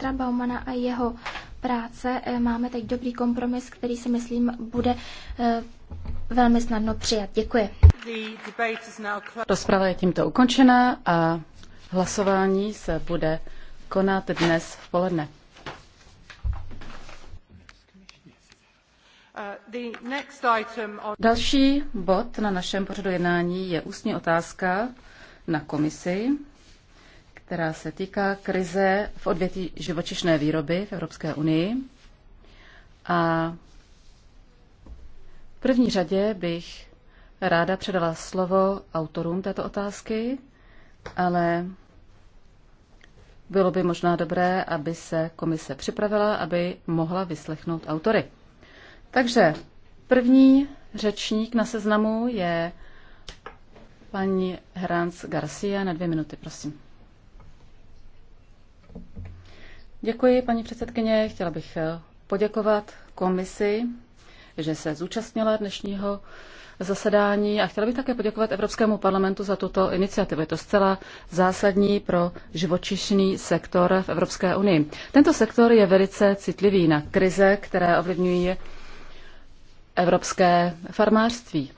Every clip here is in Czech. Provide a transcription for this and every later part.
Petra Baumana a jeho práce eh, máme teď dobrý kompromis, který si myslím bude eh, velmi snadno přijat. Děkuji. Rozprava je tímto ukončena a hlasování se bude konat dnes v poledne. Uh, Další bod na našem pořadu jednání je ústní otázka na komisi která se týká krize v odvětví živočišné výroby v Evropské unii. A v první řadě bych ráda předala slovo autorům této otázky, ale bylo by možná dobré, aby se komise připravila, aby mohla vyslechnout autory. Takže první řečník na seznamu je paní Hrans Garcia na dvě minuty, prosím. Děkuji, paní předsedkyně. Chtěla bych eh, poděkovat komisi, že se zúčastnila dnešního zasedání a chtěla bych také poděkovat Evropskému parlamentu za tuto iniciativu. Je to zcela zásadní pro živočišný sektor v Evropské unii. Tento sektor je velice citlivý na krize, které ovlivňují evropské farmářství.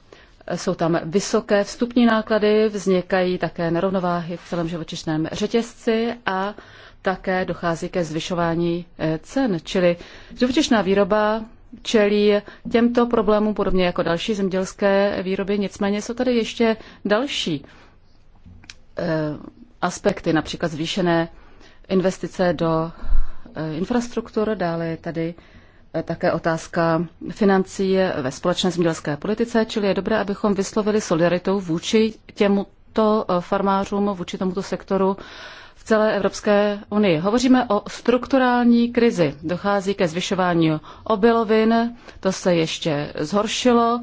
Jsou tam vysoké vstupní náklady, vznikají také nerovnováhy v celém živočišném řetězci a také dochází ke zvyšování eh, cen. Čili živočišná výroba čelí těmto problémům podobně jako další zemědělské výroby. Nicméně jsou tady ještě další eh, aspekty, například zvýšené investice do eh, infrastruktur, dále je tady také otázka financí ve společné zemědělské politice, čili je dobré, abychom vyslovili solidaritu vůči těmto farmářům, vůči tomuto sektoru, celé Evropské unii. Hovoříme o strukturální krizi. Dochází ke zvyšování obilovin, to se ještě zhoršilo.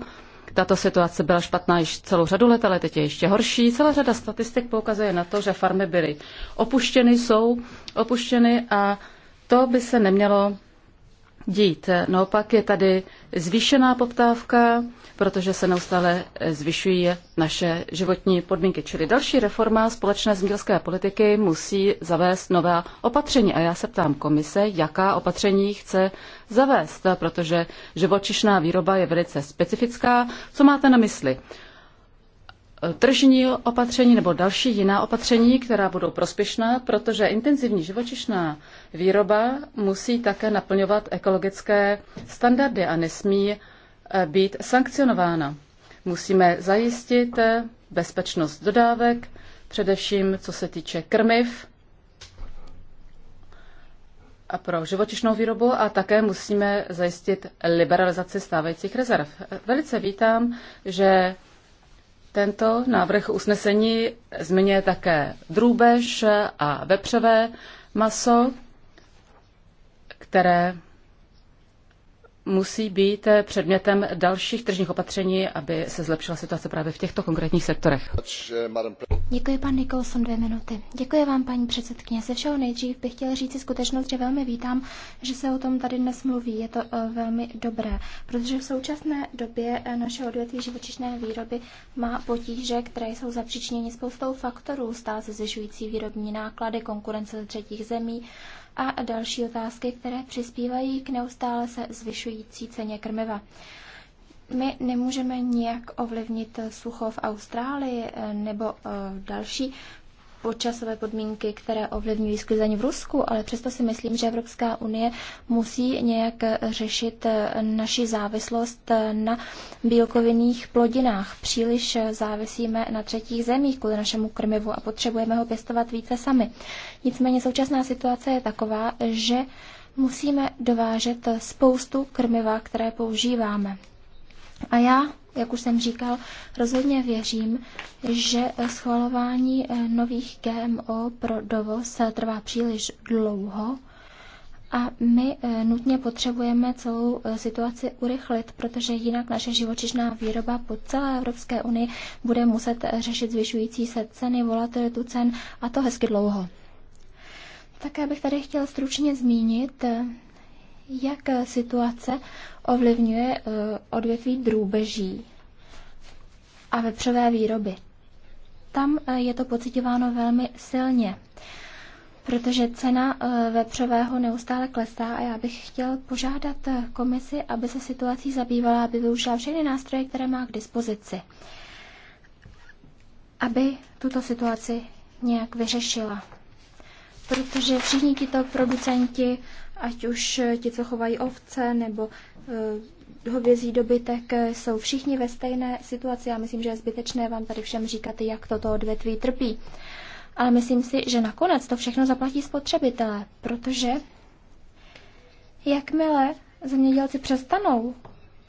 Tato situace byla špatná již celou řadu let, ale teď je ještě horší. Celá řada statistik poukazuje na to, že farmy byly opuštěny, jsou opuštěny a to by se nemělo dít. Naopak je tady zvýšená poptávka, protože se neustále zvyšují naše životní podmínky. Čili další reforma společné zemědělské politiky musí zavést nová opatření. A já se ptám komise, jaká opatření chce zavést, protože živočišná výroba je velice specifická. Co máte na mysli? Eh, tržní opatření nebo další jiná opatření, která budou prospěšná, protože intenzivní živočišná výroba musí také naplňovat ekologické standardy a nesmí eh, být sankcionována. Musíme zajistit eh, bezpečnost dodávek, především co se týče krmiv a pro živočišnou výrobu a také musíme zajistit liberalizaci stávajících rezerv. Velice vítám, že tento návrh usnesení zmiňuje také drůbež a vepřové maso, které musí být eh, předmětem dalších tržních opatření, aby se zlepšila situace právě v těchto konkrétních sektorech. Děkuji, pan Nikolson, dvě minuty. Děkuji vám, paní předsedkyně. Se všeho nejdřív bych chtěl říct skutečnost, že velmi vítám, že se o tom tady dnes mluví. Je to eh, velmi dobré, protože v současné době eh, naše odvětví živočišné výroby má potíže, které jsou zapříčněny spoustou faktorů, stále se zvyšující výrobní náklady, konkurence ze třetích zemí, a další otázky, které přispívají k neustále se zvyšující ceně krmiva. My nemůžeme nijak ovlivnit sucho v Austrálii eh, nebo eh, další počasové podmínky, které ovlivňují sklizeň v Rusku, ale přesto si myslím, že Evropská unie musí nějak řešit eh, naši závislost eh, na bílkovinných plodinách. Příliš eh, závisíme na třetích zemích kvůli našemu krmivu a potřebujeme ho pěstovat více sami. Nicméně současná situace je taková, že musíme dovážet spoustu krmiva, které používáme. A já jak už jsem říkal, rozhodně věřím, že schvalování eh, nových GMO pro dovoz eh, trvá příliš dlouho a my eh, nutně potřebujeme celou situaci urychlit, protože jinak naše živočišná výroba po celé Evropské unii bude muset řešit zvyšující se ceny, volatilitu cen a to hezky dlouho. Také bych tady chtěla stručně zmínit jak eh, situace ovlivňuje eh, odvětví drůbeží a vepřové výroby. Tam eh, je to pocitováno velmi silně, protože cena vepřového neustále klesá a já bych chtěl požádat komisi, aby se situací zabývala, aby využila všechny nástroje, které má k dispozici, aby tuto situaci nějak vyřešila. Protože všichni tito producenti ať už eh, ti, co chovají ovce nebo eh, hovězí dobytek, eh, jsou všichni ve stejné situaci. Já myslím, že je zbytečné vám tady všem říkat, jak toto odvětví trpí. Ale myslím si, že nakonec to všechno zaplatí spotřebitelé, protože jakmile zemědělci přestanou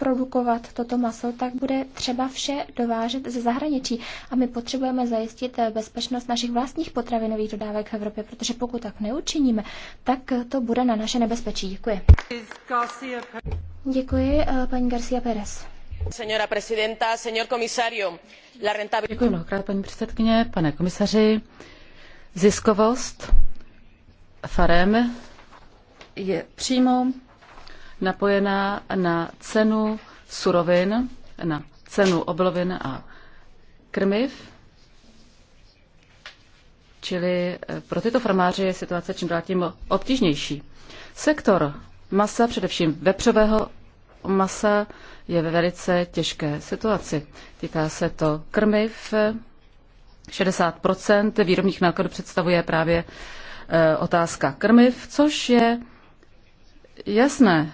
produkovat toto maso, tak bude třeba vše dovážet ze zahraničí. A my potřebujeme zajistit eh, bezpečnost našich vlastních potravinových dodávek v Evropě, protože pokud tak neučiníme, tak to bude na naše nebezpečí. Děkuji. Děkuji, eh, paní Garcia Pérez. Señora presidenta, señor comisario, la rentabilidad... Děkuji mnohokrát, paní předsedkyně, pane komisaři. Ziskovost farem je přímo napojená na cenu surovin, na cenu obilovin a krmiv. Čili eh, pro tyto farmáře je situace čím dál tím obtížnější. Sektor masa, především vepřového masa, je ve velice těžké situaci. Týká se to krmiv. 60 výrobních nákladů představuje právě eh, otázka krmiv, což je jasné,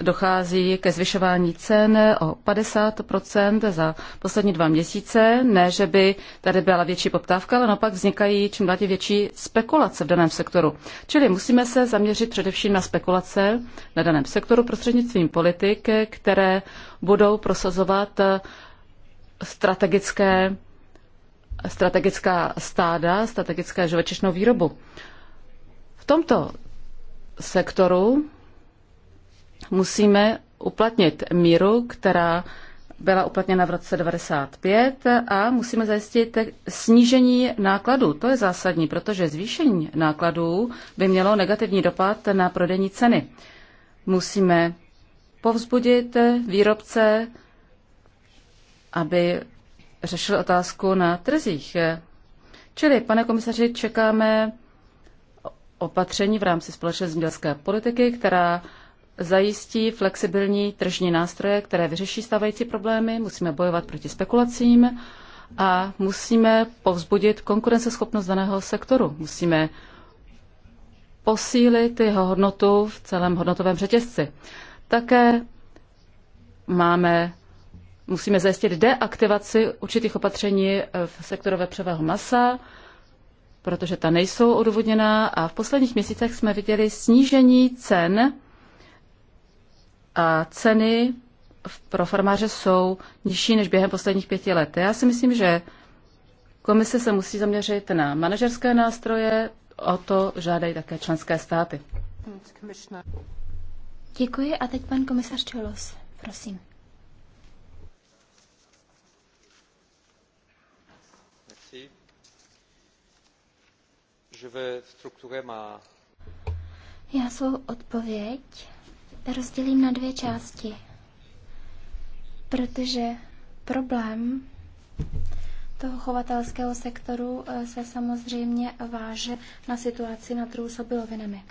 dochází ke zvyšování cen o 50 za poslední dva měsíce. Ne, že by tady byla větší poptávka, ale naopak vznikají čím dál větší spekulace v daném sektoru. Čili musíme se zaměřit především na spekulace na daném sektoru prostřednictvím politik, které budou prosazovat eh, strategické, strategická stáda, strategické živočišnou výrobu. V tomto sektoru musíme uplatnit míru, která byla uplatněna v roce 95 a musíme zajistit snížení nákladů. To je zásadní, protože zvýšení nákladů by mělo negativní dopad na prodejní ceny. Musíme povzbudit výrobce, aby řešil otázku na trzích. Čili, pane komisaři, čekáme opatření v rámci společné zemědělské politiky, která zajistí flexibilní tržní nástroje, které vyřeší stávající problémy, musíme bojovat proti spekulacím a musíme povzbudit konkurenceschopnost daného sektoru. Musíme posílit jeho hodnotu v celém hodnotovém řetězci. Také máme, musíme zajistit deaktivaci určitých opatření v sektoru vepřového masa, protože ta nejsou odvodněná a v posledních měsících jsme viděli snížení cen a ceny pro farmáře jsou nižší než během posledních pěti let. Já si myslím, že komise se musí zaměřit na manažerské nástroje, o to žádají také členské státy. Děkuji a teď pan komisař Čelos, prosím. Já svou odpověď rozdělím na dvě části, protože problém toho chovatelského sektoru eh, se samozřejmě váže na situaci na trhu s obilovinami.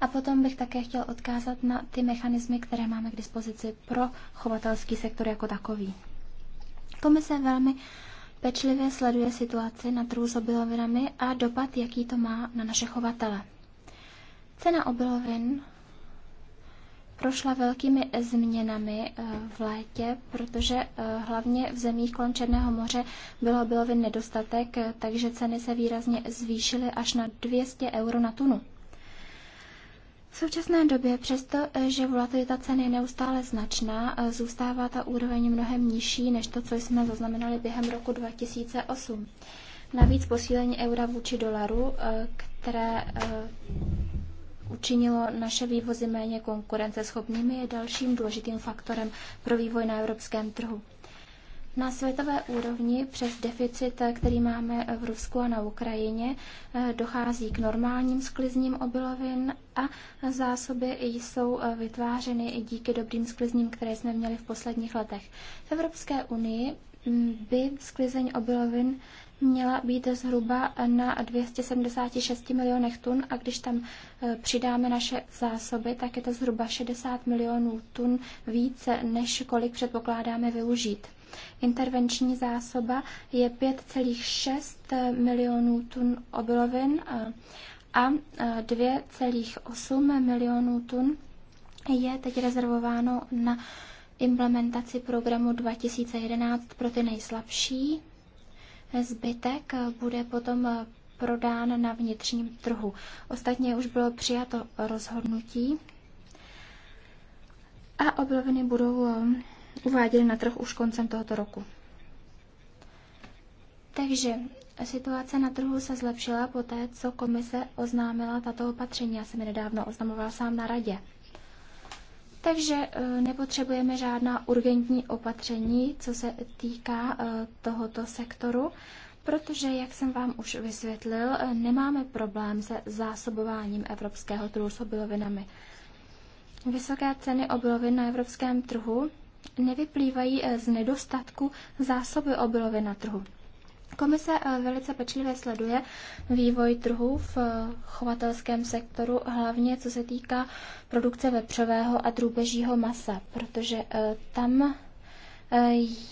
A potom bych také chtěl odkázat na ty mechanismy, které máme k dispozici pro chovatelský sektor jako takový. Komise velmi pečlivě sleduje situaci na trhu s obilovinami a dopad, jaký to má na naše chovatele. Cena obilovin prošla velkými změnami eh, v létě, protože eh, hlavně v zemích kolem Černého moře bylo bylovin nedostatek, eh, takže ceny se výrazně zvýšily až na 200 euro na tunu. V současné době, přesto, že volatilita ceny je neustále značná, zůstává ta úroveň mnohem nižší než to, co jsme zaznamenali během roku 2008. Navíc posílení eura vůči dolaru, které učinilo naše vývozy méně konkurenceschopnými, je dalším důležitým faktorem pro vývoj na evropském trhu. Na světové úrovni přes deficit, který máme v Rusku a na Ukrajině, dochází k normálním sklizním obilovin a zásoby jsou vytvářeny i díky dobrým sklizním, které jsme měli v posledních letech. V Evropské unii by sklizeň obilovin měla být zhruba na 276 milionech tun a když tam e, přidáme naše zásoby, tak je to zhruba 60 milionů tun více, než kolik předpokládáme využít. Intervenční zásoba je 5,6 e, milionů tun obilovin e, a 2,8 milionů tun je teď rezervováno na implementaci programu 2011 pro ty nejslabší Zbytek bude potom prodán na vnitřním trhu. Ostatně už bylo přijato rozhodnutí a obloviny budou eh, uváděny na trh už koncem tohoto roku. Takže situace na trhu se zlepšila poté, co komise oznámila tato opatření. Já jsem je nedávno oznamovala sám na radě. Takže eh, nepotřebujeme žádná urgentní opatření, co se týká eh, tohoto sektoru, protože, jak jsem vám už vysvětlil, eh, nemáme problém se zásobováním evropského trhu s obilovinami. Vysoké ceny obilovin na evropském trhu nevyplývají z nedostatku zásoby obilovin na trhu. Komise eh, velice pečlivě sleduje vývoj trhu v eh, chovatelském sektoru, hlavně co se týká produkce vepřového a drůbežího masa, protože eh, tam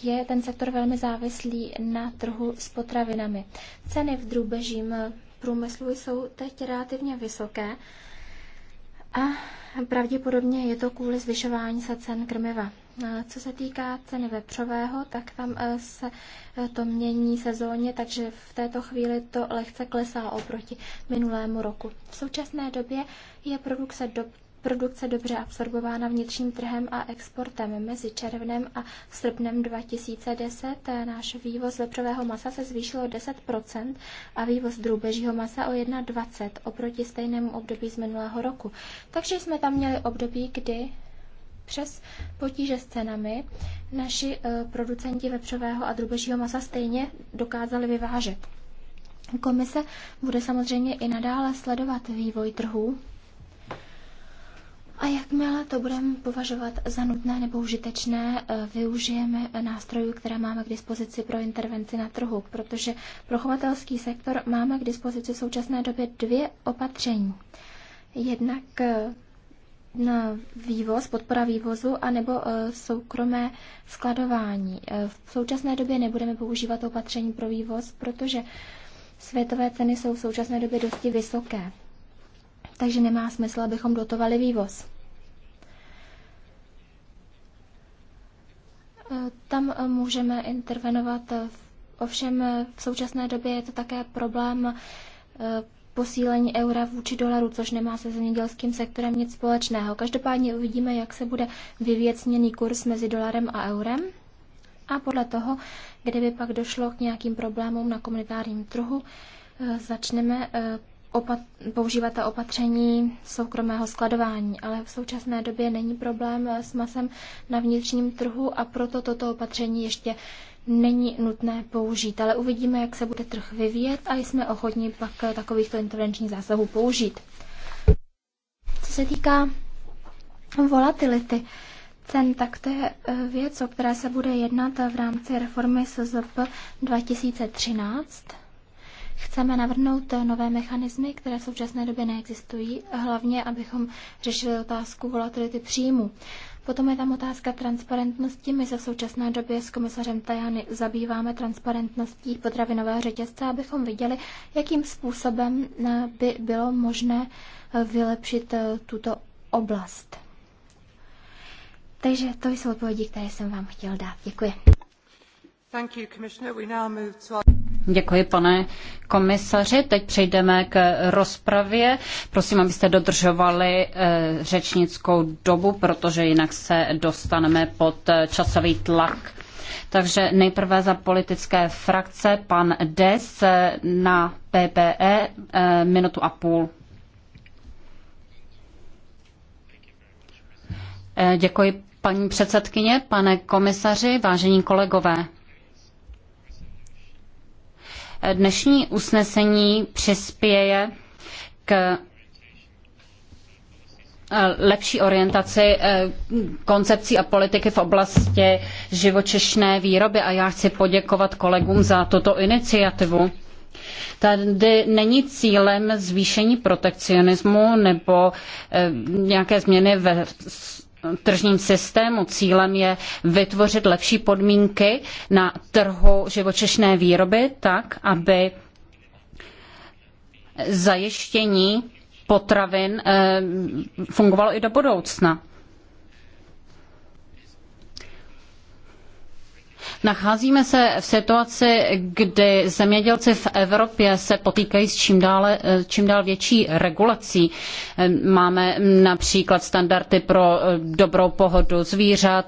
je ten sektor velmi závislý na trhu s potravinami. Ceny v drůbežím průmyslu jsou teď relativně vysoké a pravděpodobně je to kvůli zvyšování se cen krmiva. Co se týká ceny vepřového, tak tam e, se e, to mění sezóně, takže v této chvíli to lehce klesá oproti minulému roku. V současné době je produkce do, produkce dobře absorbována vnitřním trhem a exportem. Mezi červnem a srpnem 2010 e, náš vývoz vepřového masa se zvýšil o 10 a vývoz drůbežího masa o 1,20 oproti stejnému období z minulého roku. Takže jsme tam měli období, kdy přes potíže s cenami naši eh, producenti vepřového a drubežího masa stejně dokázali vyvážet. Komise bude samozřejmě i nadále sledovat vývoj trhů a jakmile to budeme považovat za nutné nebo užitečné, eh, využijeme nástrojů, které máme k dispozici pro intervenci na trhu, protože pro chovatelský sektor máme k dispozici v současné době dvě opatření. Jednak eh, na vývoz, podpora vývozu, anebo e, soukromé skladování. E, v současné době nebudeme používat opatření pro vývoz, protože světové ceny jsou v současné době dosti vysoké. Takže nemá smysl, abychom dotovali vývoz. E, tam můžeme intervenovat. Ovšem v současné době je to také problém posílení eura vůči dolaru, což nemá se zemědělským sektorem nic společného. Každopádně uvidíme, jak se bude vyvěcněný kurz mezi dolarem a eurem a podle toho, kdyby pak došlo k nějakým problémům na komunitárním trhu, eh, začneme eh, opat- používat ta opatření soukromého skladování, ale v současné době není problém eh, s masem na vnitřním trhu a proto toto opatření ještě není nutné použít, ale uvidíme, jak se bude trh vyvíjet a jsme ochotní pak takovýchto intervenčních zásahů použít. Co se týká volatility cen, tak to je eh, věc, o které se bude jednat v rámci reformy SZP 2013. Chceme navrhnout eh, nové mechanismy, které v současné době neexistují, hlavně abychom řešili otázku volatility příjmu. Potom je tam otázka transparentnosti. My se v současné době s komisařem Tajany zabýváme transparentností potravinového řetězce, abychom viděli, jakým způsobem eh, by bylo možné eh, vylepšit eh, tuto oblast. Takže to jsou odpovědi, které jsem vám chtěl dát. Děkuji. Děkuji, pane komisaři. Teď přejdeme k rozpravě. Prosím, abyste dodržovali eh, řečnickou dobu, protože jinak se dostaneme pod eh, časový tlak. Takže nejprve za politické frakce pan Des eh, na PPE minutu a půl. Děkuji paní předsedkyně, pane komisaři, vážení kolegové. Dnešní usnesení přispěje k eh, lepší orientaci eh, koncepcí a politiky v oblasti živočišné výroby a já chci poděkovat kolegům za tuto iniciativu. Tady není cílem zvýšení protekcionismu nebo eh, nějaké změny ve tržním systému. Cílem je vytvořit lepší podmínky na trhu živočišné výroby tak, aby zajištění potravin eh, fungovalo i do budoucna. Nacházíme se v situaci, kdy zemědělci v Evropě se potýkají s čím, dále, eh, čím dál větší regulací. Eh, máme například standardy pro eh, dobrou pohodu zvířat,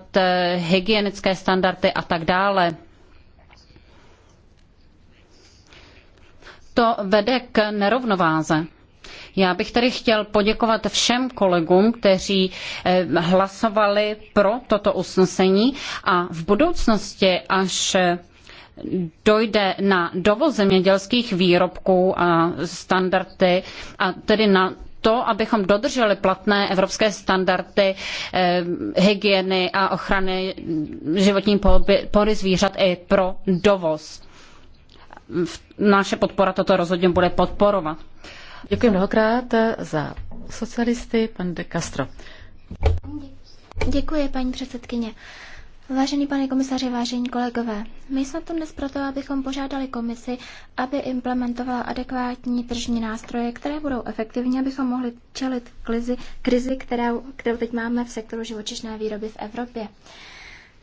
hygienické standardy a tak dále. To vede k nerovnováze. Já bych tedy chtěl poděkovat všem kolegům, kteří eh, hlasovali pro toto usnesení a v budoucnosti, až eh, dojde na dovoz zemědělských výrobků a standardy a tedy na to, abychom dodrželi platné evropské standardy eh, hygieny a ochrany životní pory zvířat i pro dovoz. Naše podpora toto rozhodně bude podporovat. Děkuji mnohokrát za socialisty, pan de Castro. Děkuji, paní předsedkyně. Vážený pane komisaři, vážení kolegové, my jsme tu dnes proto, abychom požádali komisi, aby implementovala adekvátní tržní nástroje, které budou efektivní, abychom mohli čelit krizi, krizi kterou, kterou teď máme v sektoru živočišné výroby v Evropě.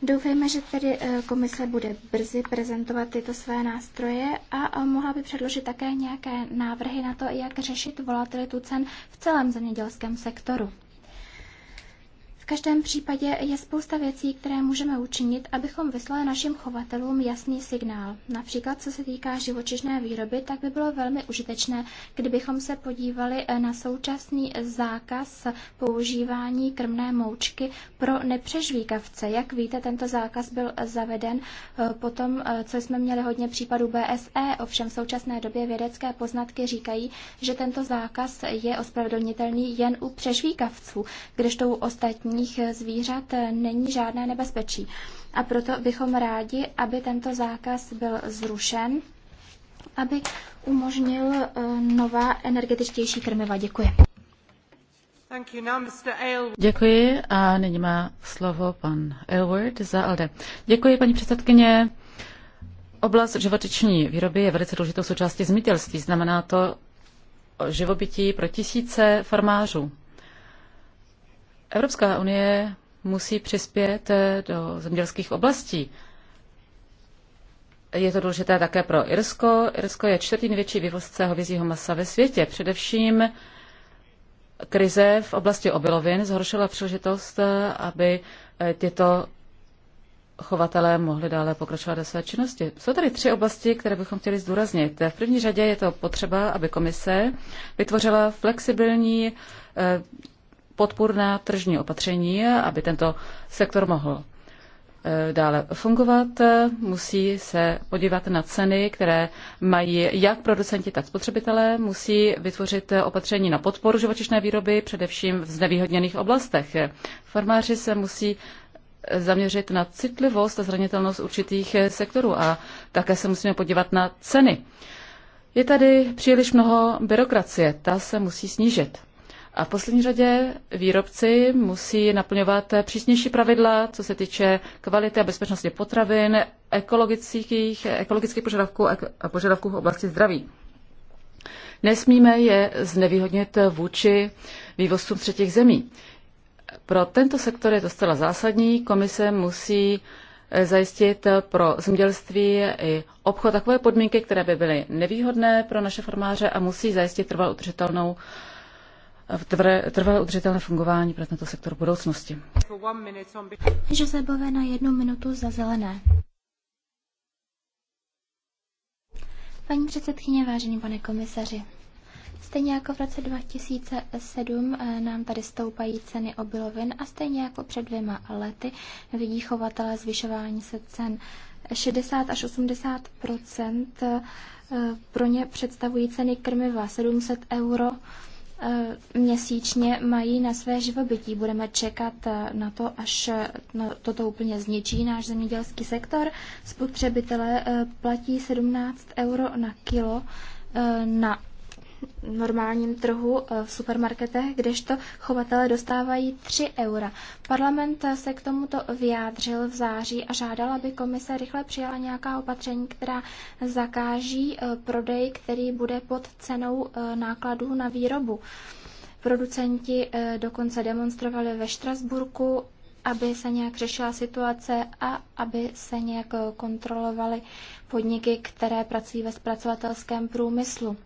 Doufejme, že tedy eh, komise bude brzy prezentovat tyto své nástroje a mohla by předložit také nějaké návrhy na to, jak řešit volatilitu cen v celém zemědělském sektoru každém případě je spousta věcí, které můžeme učinit, abychom vyslali našim chovatelům jasný signál. Například co se týká živočišné výroby, tak by bylo velmi užitečné, kdybychom se podívali eh, na současný zákaz používání krmné moučky pro nepřežvíkavce. Jak víte, tento zákaz byl eh, zaveden eh, potom, co jsme měli hodně případů BSE, ovšem v současné době vědecké poznatky říkají, že tento zákaz je ospravedlnitelný jen u přežvíkavců, kdežto u ostatní klonovaných zvířat eh, není žádné nebezpečí. A proto bychom rádi, aby tento zákaz byl zrušen, aby umožnil eh, nová energetičtější krmiva. Děkuji. Děkuji a nyní má slovo pan Elward za ALDE. Děkuji, paní předsedkyně. Oblast životeční výroby je velice důležitou součástí zmitelství Znamená to živobytí pro tisíce farmářů. Evropská unie musí přispět eh, do zemědělských oblastí. Je to důležité také pro Irsko. Irsko je čtvrtý největší vývozce hovězího masa ve světě. Především krize v oblasti obilovin zhoršila příležitost, eh, aby eh, tyto chovatelé mohli dále pokračovat ve své činnosti. Jsou tady tři oblasti, které bychom chtěli zdůraznit. V první řadě je to potřeba, aby komise vytvořila flexibilní podpůrná tržní opatření, aby tento sektor mohl e, dále fungovat, musí se podívat na ceny, které mají jak producenti, tak spotřebitelé, musí vytvořit opatření na podporu živočišné výroby, především v znevýhodněných oblastech. Farmáři se musí zaměřit na citlivost a zranitelnost určitých sektorů a také se musíme podívat na ceny. Je tady příliš mnoho byrokracie, ta se musí snížit. A v poslední řadě výrobci musí naplňovat přísnější pravidla, co se týče kvality a bezpečnosti potravin, ekologických, ekologických požadavků a požadavků v oblasti zdraví. Nesmíme je znevýhodnit vůči vývozcům třetích zemí. Pro tento sektor je to zcela zásadní. Komise musí eh, zajistit pro zemědělství i obchod takové podmínky, které by byly nevýhodné pro naše farmáře a musí zajistit trvalou udržitelnou uh, trvalé udržitelné fungování pro tento sektor budoucnosti. Jose na jednu minutu za zelené. Paní předsedkyně, vážený pane komisaři, Stejně jako v roce 2007 eh, nám tady stoupají ceny obilovin a stejně jako před dvěma lety vidí chovatele zvyšování se cen. 60 až 80 eh, pro ně představují ceny krmiva 700 euro Eh, měsíčně mají na své živobytí. Budeme čekat eh, na to, až eh, na no, toto úplně zničí náš zemědělský sektor. Spotřebitelé platí 17 euro na kilo na normálním trhu eh, v supermarketech, kdežto chovatele dostávají 3 eura. Parlament eh, se k tomuto vyjádřil v září a žádal, aby komise rychle přijala nějaká opatření, která zakáží eh, prodej, který bude pod cenou nákladů na výrobu. Producenti dokonce demonstrovali ve Štrasburku, aby se nějak řešila situace a aby se nějak kontrolovaly podniky, které pracují ve zpracovatelském průmyslu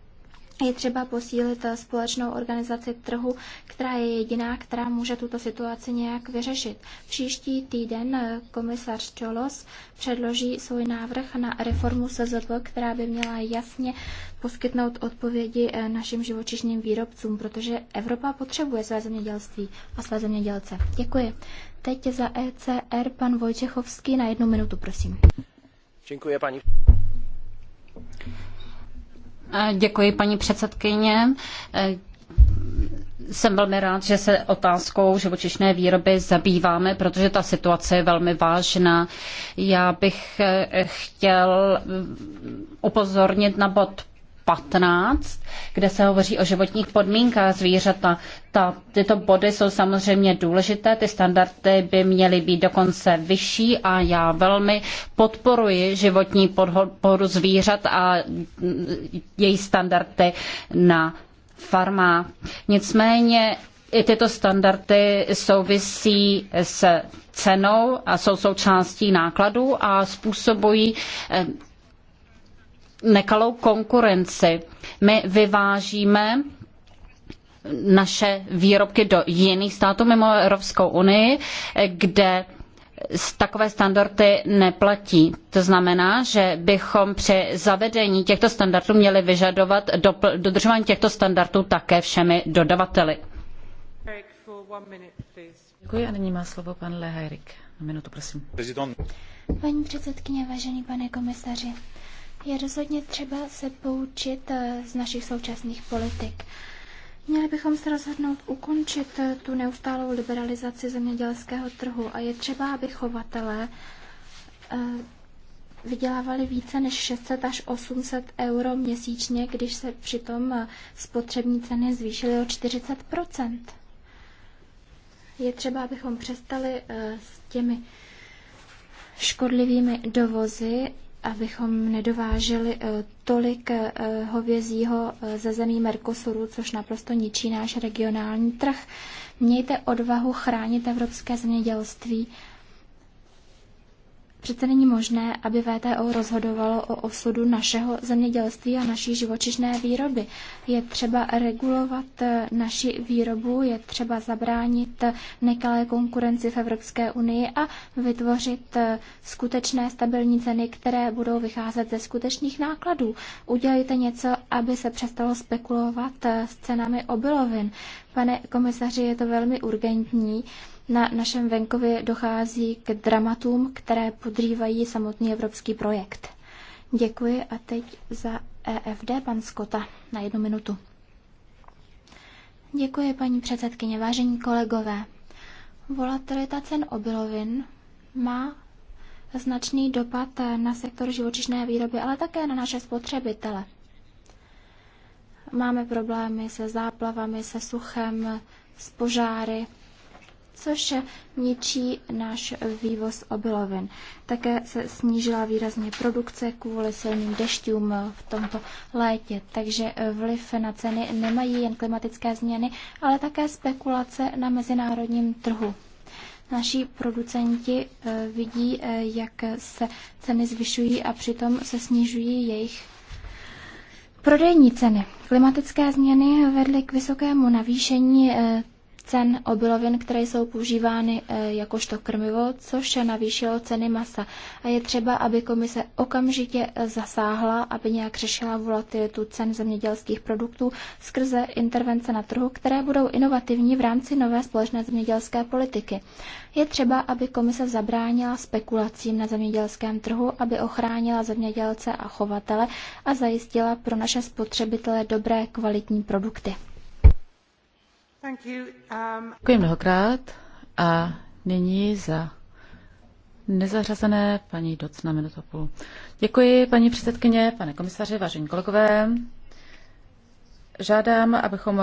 je třeba posílit eh, společnou organizaci trhu, která je jediná, která může tuto situaci nějak vyřešit. Příští týden eh, komisař Čolos předloží svůj návrh na reformu SZV, která by měla jasně poskytnout odpovědi eh, našim živočišným výrobcům, protože Evropa potřebuje své zemědělství a své zemědělce. Děkuji. Teď za ECR pan Vojčechovský na jednu minutu, prosím. Děkuji, paní. Děkuji, paní předsedkyně. Jsem velmi rád, že se otázkou živočišné výroby zabýváme, protože ta situace je velmi vážná. Já bych chtěl upozornit na bod 15, kde se hovoří o životních podmínkách zvířata. Ta, tyto body jsou samozřejmě důležité, ty standardy by měly být dokonce vyšší a já velmi podporuji životní podporu zvířat a její standardy na farmá. Nicméně i tyto standardy souvisí s cenou a jsou součástí nákladů a způsobují eh, nekalou konkurenci. My vyvážíme naše výrobky do jiných států mimo Evropskou unii, kde takové standardy neplatí. To znamená, že bychom při zavedení těchto standardů měli vyžadovat dodržování těchto standardů také všemi dodavateli. Děkuji a nyní má slovo pan Leherik. minutu, prosím. Paní předsedkyně, vážený pane komisaři, je rozhodně třeba se poučit eh, z našich současných politik. Měli bychom se rozhodnout ukončit eh, tu neustálou liberalizaci zemědělského trhu a je třeba, aby chovatelé eh, vydělávali více než 600 až 800 euro měsíčně, když se přitom spotřební ceny zvýšily o 40 Je třeba, abychom přestali s těmi škodlivými dovozy abychom nedováželi eh, tolik eh, hovězího eh, ze zemí Mercosuru, což naprosto ničí náš regionální trh. Mějte odvahu chránit evropské zemědělství Přece není možné, aby VTO rozhodovalo o osudu našeho zemědělství a naší živočišné výroby. Je třeba regulovat eh, naši výrobu, je třeba zabránit eh, nekalé konkurenci v Evropské unii a vytvořit eh, skutečné stabilní ceny, které budou vycházet ze skutečných nákladů. Udělejte něco, aby se přestalo spekulovat s cenami obilovin. Pane komisaři, je to velmi urgentní. Na našem venkově dochází k dramatům, které podrývají samotný evropský projekt. Děkuji a teď za EFD pan Skota na jednu minutu. Děkuji, paní předsedkyně, vážení kolegové. Volatilita cen obilovin má značný dopad na sektor živočišné výroby, ale také na naše spotřebitele. Máme problémy se záplavami, se suchem, s požáry, což ničí náš vývoz obilovin. Také se snížila výrazně produkce kvůli silným dešťům v tomto létě, takže vliv na ceny nemají jen klimatické změny, ale také spekulace na mezinárodním trhu. Naši producenti eh, vidí, eh, jak se ceny zvyšují a přitom se snižují jejich Prodejní ceny. Klimatické změny vedly k vysokému navýšení eh, cen obilovin, které jsou používány eh, jakožto krmivo, což navýšilo ceny masa. A je třeba, aby komise okamžitě eh, zasáhla, aby nějak řešila volatilitu cen zemědělských produktů skrze intervence na trhu, které budou inovativní v rámci nové společné zemědělské politiky. Je třeba, aby komise zabránila spekulacím na zemědělském trhu, aby ochránila zemědělce a chovatele a zajistila pro naše spotřebitele dobré kvalitní produkty. Um, Děkuji mnohokrát a nyní za nezařazené paní Doc na minutu Děkuji, paní předsedkyně, pane komisaři, vážení kolegové. Žádám, abychom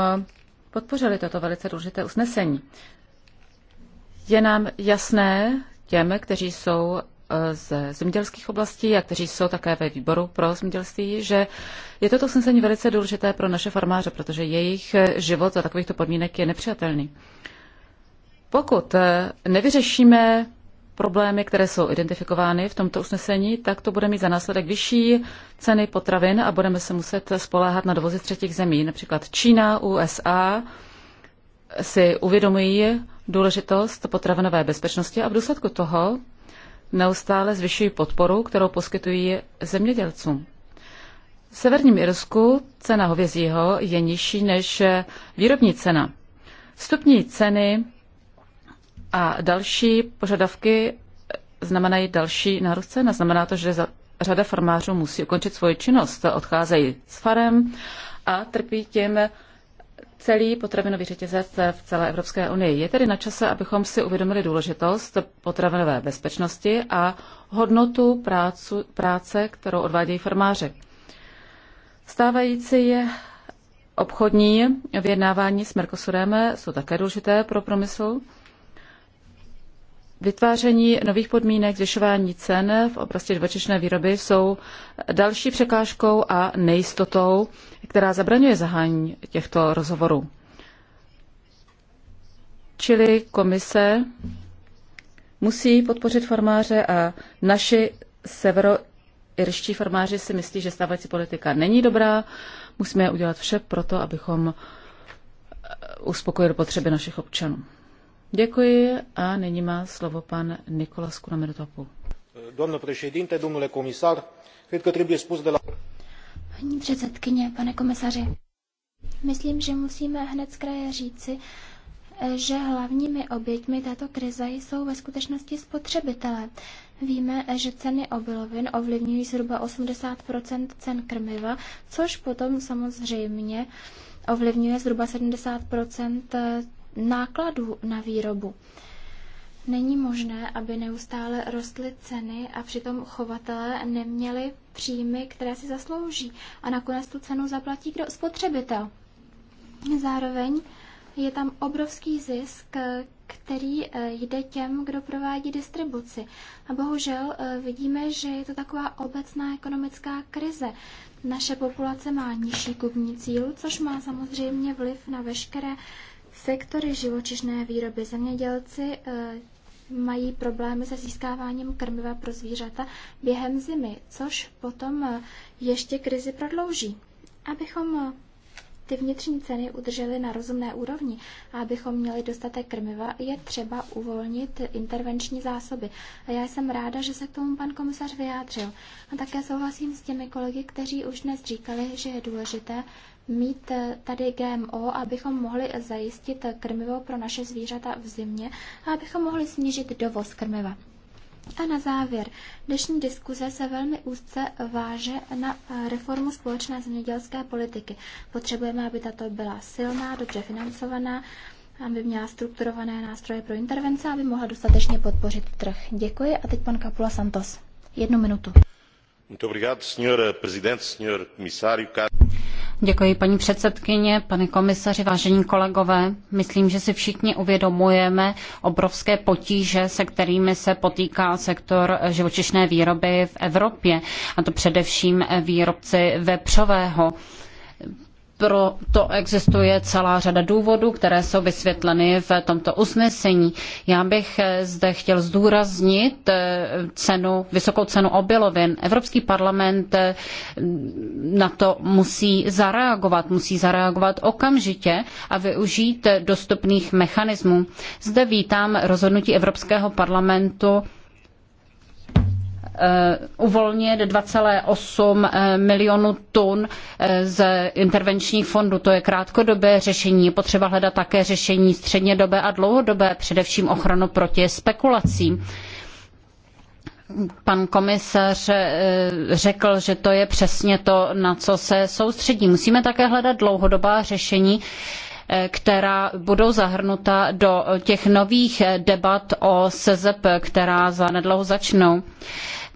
podpořili toto velice důležité usnesení. Je nám jasné těm, kteří jsou ze zemědělských oblastí a kteří jsou také ve výboru pro zemědělství, že je toto usnesení velice důležité pro naše farmáře, protože jejich život za takovýchto podmínek je nepřijatelný. Pokud eh, nevyřešíme problémy, které jsou identifikovány v tomto usnesení, tak to bude mít za následek vyšší ceny potravin a budeme se muset spoléhat na dovozy z třetích zemí. Například Čína, USA si uvědomují důležitost potravinové bezpečnosti a v důsledku toho neustále zvyšují podporu, kterou poskytují zemědělcům. V severním Irsku cena hovězího je nižší než výrobní cena. Vstupní ceny a další požadavky znamenají další nárůst cen. Znamená to, že řada farmářů musí ukončit svoji činnost. Odcházejí s farem a trpí tím celý potravinový řetězec v celé Evropské unii. Je tedy na čase, abychom si uvědomili důležitost potravinové bezpečnosti a hodnotu prácu, práce, kterou odvádějí farmáři. Stávající obchodní vyjednávání s Mercosurem jsou také důležité pro promysl. Vytváření nových podmínek zvyšování cen v oblasti živočišné výroby jsou další překážkou a nejistotou, která zabraňuje zahání těchto rozhovorů. Čili komise musí podpořit farmáře a naši severoirští farmáři si myslí, že stávající politika není dobrá. Musíme udělat vše pro to, abychom uspokojili potřeby našich občanů. Děkuji a nyní má slovo pan Nikolas Kuramirtopu. Doamnă președinte, domnule komisar, cred că trebuie spus de la... Paní předsedkyně, pane komisaři, myslím, že musíme hned z kraje říci, že hlavními oběťmi této krize jsou ve skutečnosti spotřebitelé. Víme, že ceny obilovin ovlivňují zhruba 80 cen krmiva, což potom samozřejmě ovlivňuje zhruba 70 nákladů na výrobu. Není možné, aby neustále rostly ceny a přitom chovatelé neměli příjmy, které si zaslouží a nakonec tu cenu zaplatí kdo spotřebitel. Zároveň je tam obrovský zisk, který eh, jde těm, kdo provádí distribuci. A bohužel eh, vidíme, že je to taková obecná ekonomická krize. Naše populace má nižší kupní cíl, což má samozřejmě vliv na veškeré sektory živočišné výroby zemědělci eh, mají problémy se získáváním krmiva pro zvířata během zimy, což potom eh, ještě krizi prodlouží. Abychom eh, ty vnitřní ceny udrželi na rozumné úrovni a abychom měli dostatek krmiva, je třeba uvolnit intervenční zásoby. A já jsem ráda, že se k tomu pan komisař vyjádřil. A také souhlasím s těmi kolegy, kteří už dnes říkali, že je důležité, mít eh, tady GMO, abychom mohli zajistit krmivo pro naše zvířata v zimě a abychom mohli snížit dovoz krmiva. A na závěr, dnešní diskuze se velmi úzce váže na eh, reformu společné zemědělské politiky. Potřebujeme, aby tato byla silná, dobře financovaná, aby měla strukturované nástroje pro intervence, aby mohla dostatečně podpořit trh. Děkuji a teď pan Kapula Santos. Jednu minutu. Muito obrigado, senhora presidente, senhor comissário. Děkuji paní předsedkyně, pane komisaři, vážení kolegové. Myslím, že si všichni uvědomujeme obrovské potíže, se kterými se potýká sektor živočišné výroby v Evropě, a to především výrobci vepřového. Pro to existuje celá řada důvodů, které jsou vysvětleny v tomto usnesení. Já bych zde chtěl zdůraznit eh, cenu, vysokou cenu obilovin. Evropský parlament eh, na to musí zareagovat, musí zareagovat okamžitě a využít dostupných mechanismů. Zde vítám rozhodnutí Evropského parlamentu Eh, uvolnit 2,8 eh, milionu tun eh, z intervenčních fondů. To je krátkodobé řešení. Potřeba hledat také řešení střednědobé a dlouhodobé, především ochranu proti spekulacím. Pan komisař řekl, že to je přesně to, na co se soustředí. Musíme také hledat dlouhodobá řešení, která budou zahrnuta do těch nových debat o SZP, která zanedlouho začnou.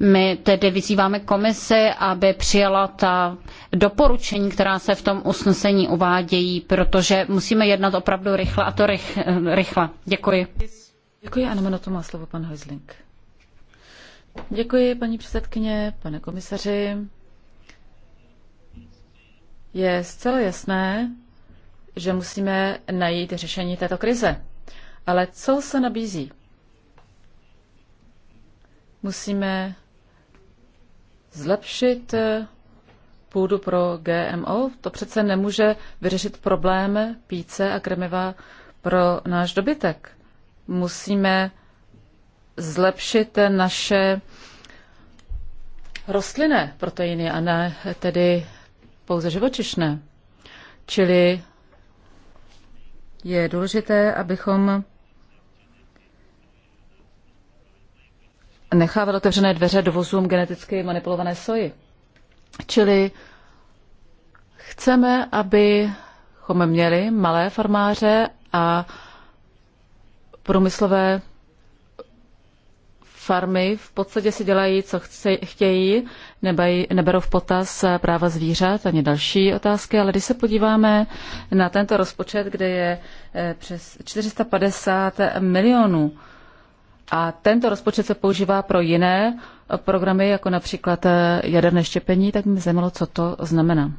My tedy vyzýváme komisi, aby přijala ta doporučení, která se v tom usnesení uvádějí, protože musíme jednat opravdu rychle a to rych, rychle. Děkuji. Děkuji a na to má slovo pan Hojzling. Děkuji, paní předsedkyně, pane komisaři. Je zcela jasné, že musíme najít řešení této krize. Ale co se nabízí? Musíme zlepšit eh, půdu pro GMO. To přece nemůže vyřešit problém píce a krmiva pro náš dobytek. Musíme zlepšit naše rostlinné proteiny a ne tedy pouze živočišné. Čili je důležité, abychom nechávali otevřené dveře dovozům geneticky manipulované soji. Čili chceme, abychom měli malé farmáře a průmyslové farmy v podstatě si dělají, co chtějí, neberou v potaz práva zvířat ani další otázky, ale když se podíváme na tento rozpočet, kde je eh, přes 450 milionů a tento rozpočet se používá pro jiné programy, jako například eh, jaderné štěpení, tak mi zajímalo, co to znamená.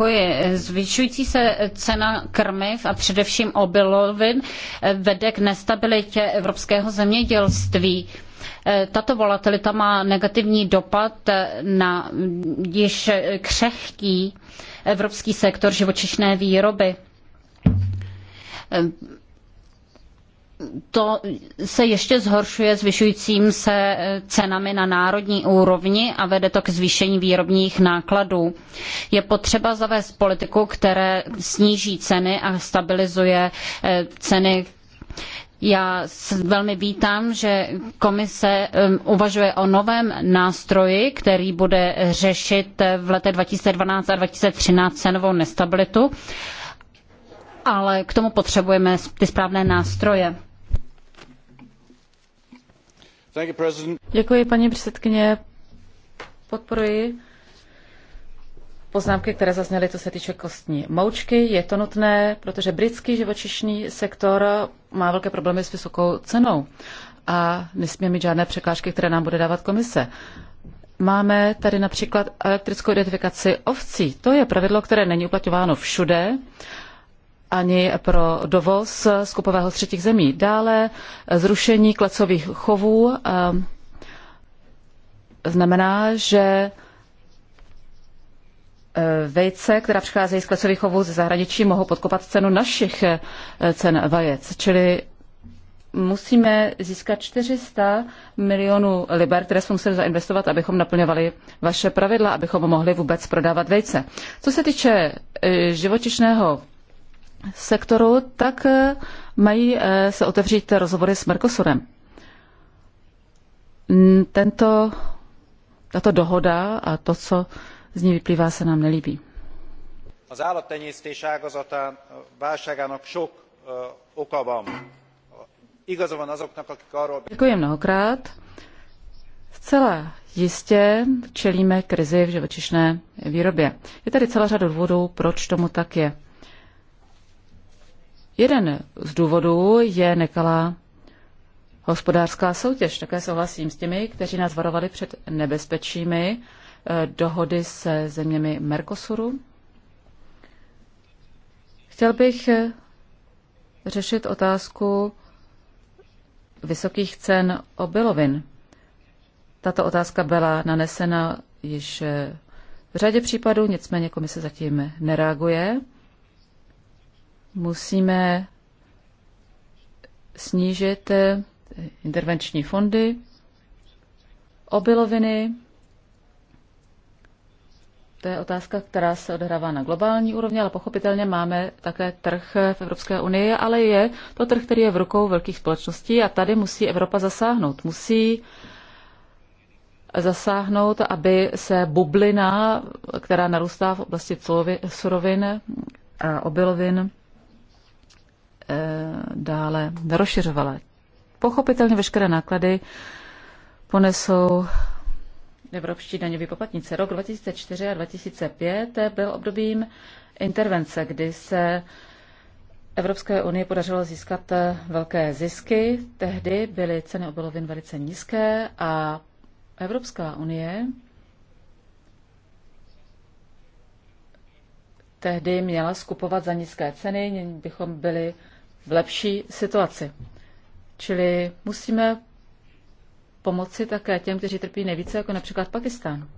Eh, Zvyšující se cena krmiv a především obilovin eh, vede k nestabilitě evropského zemědělství. Eh, tato volatilita má negativní dopad na již křehký evropský sektor živočišné výroby to se ještě zhoršuje zvyšujícím se e, cenami na národní úrovni a vede to k zvýšení výrobních nákladů. Je potřeba zavést politiku, která sníží ceny a stabilizuje e, ceny. Já velmi vítám, že komise e, uvažuje o novém nástroji, který bude řešit v letech 2012 a 2013 cenovou nestabilitu ale k tomu potřebujeme ty správné nástroje. Děkuji, paní předsedkyně. Podporuji poznámky, které zazněly, co se týče kostní moučky. Je to nutné, protože britský živočišný sektor má velké problémy s vysokou cenou a nesmíme mít žádné překážky, které nám bude dávat komise. Máme tady například elektrickou identifikaci ovcí. To je pravidlo, které není uplatňováno všude ani pro dovoz skupového z třetích zemí. Dále zrušení klecových chovů eh, znamená, že eh, vejce, která přicházejí z klecových chovů ze zahraničí, mohou podkopat cenu našich eh, cen vajec. Čili musíme získat 400 milionů liber, které jsme museli zainvestovat, abychom naplňovali vaše pravidla, abychom mohli vůbec prodávat vejce. Co se týče živočišného sektoru, tak eh, mají eh, se otevřít rozhovory s Mercosurem. Tento, tato dohoda a to, co z ní vyplývá, se nám nelíbí. Az állattenyésztés eh, válságának sok oka van. Igaza van azoknak, akik arról... Děkuji mnohokrát. Zcela jistě čelíme krizi v živočišné výrobě. Je tady celá řada důvodů, proč tomu tak je. Jeden z důvodů je nekalá hospodářská soutěž. Také souhlasím s těmi, kteří nás varovali před nebezpečími eh, dohody se zeměmi Mercosuru. Chtěl bych eh, řešit otázku vysokých cen obilovin. Tato otázka byla nanesena již eh, v řadě případů, nicméně komise zatím nereaguje musíme snížit eh, intervenční fondy, obiloviny. To je otázka, která se odhrává na globální úrovni, ale pochopitelně máme také trh v Evropské unii, ale je to trh, který je v rukou velkých společností a tady musí Evropa zasáhnout. Musí zasáhnout, aby se bublina, která narůstá v oblasti surovin a obilovin, Eh, dále rozšiřovala. Pochopitelně veškeré náklady ponesou evropští daňoví poplatníci. Rok 2004 a 2005 byl obdobím intervence, kdy se Evropské unii podařilo získat velké zisky. Tehdy byly ceny obilovin velice nízké a Evropská unie tehdy měla skupovat za nízké ceny, bychom byli v lepší situaci. Čili musíme pomoci také těm, kteří trpí nejvíce, jako například Pakistán.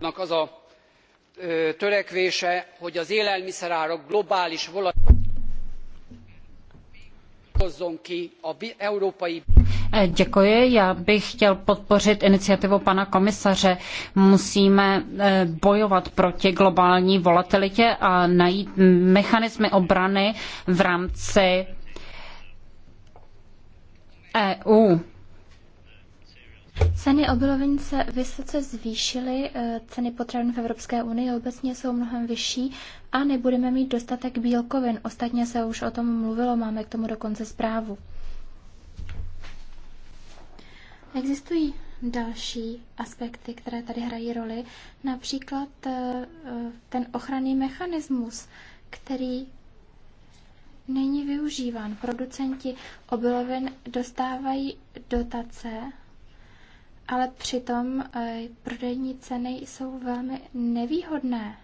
E, děkuji. Já bych chtěl podpořit iniciativu pana komisaře. Musíme e, bojovat proti globální volatilitě a najít mechanismy obrany v rámci EU. Ceny obilovin se vysoce zvýšily, e, ceny potravin v Evropské unii obecně jsou mnohem vyšší a nebudeme mít dostatek bílkovin. Ostatně se už o tom mluvilo, máme k tomu dokonce zprávu. Existují další aspekty, které tady hrají roli, například e, e, ten ochranný mechanismus, který není využíván. Producenti obilovin dostávají dotace, ale přitom eh, prodejní ceny jsou velmi nevýhodné.